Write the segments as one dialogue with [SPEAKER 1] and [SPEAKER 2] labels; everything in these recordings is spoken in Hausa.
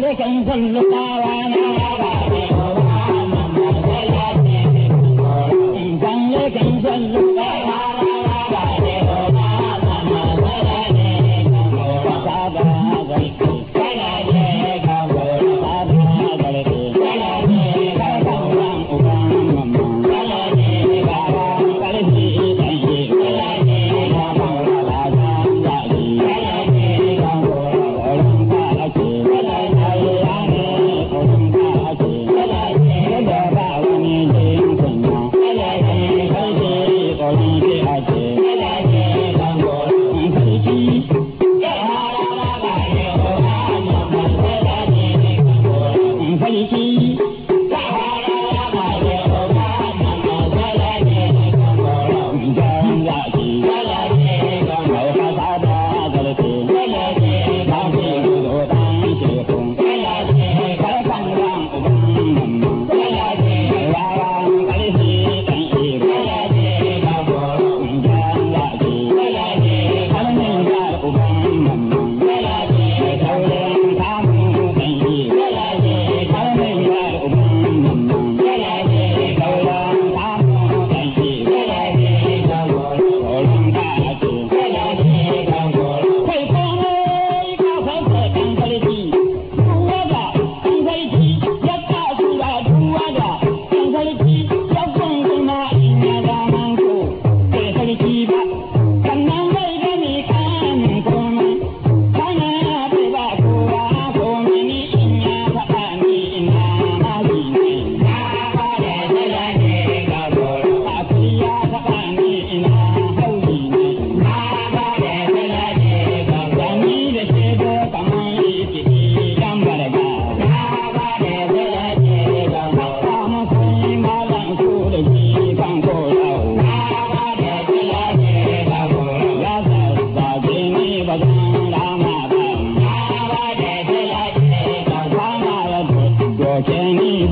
[SPEAKER 1] lokacin kwallo tsawa na ba.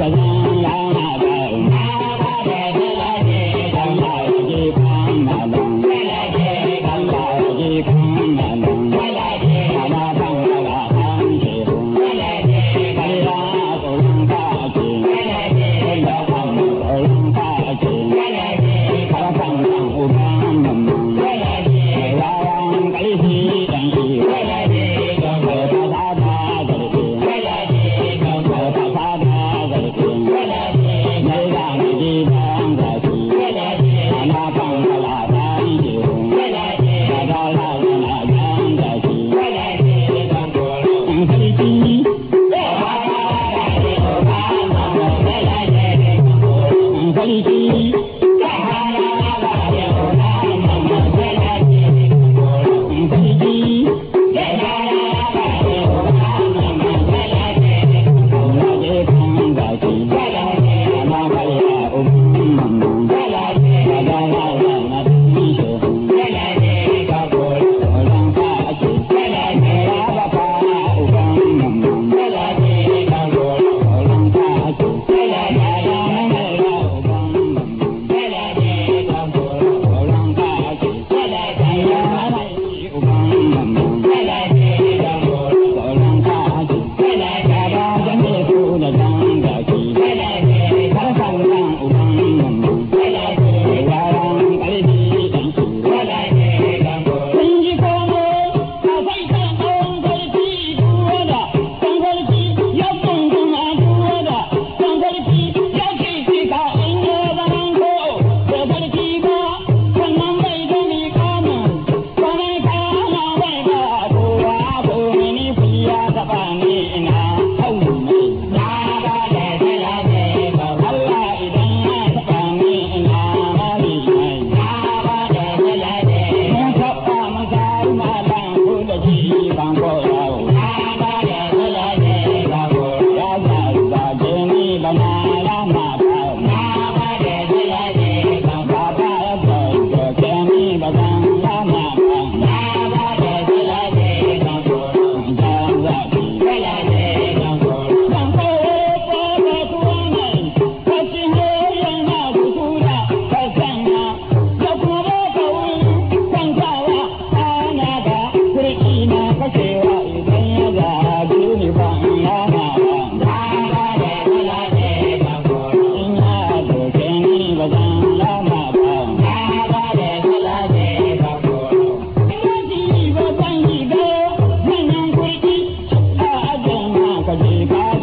[SPEAKER 2] around.
[SPEAKER 3] You.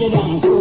[SPEAKER 4] Ramadan.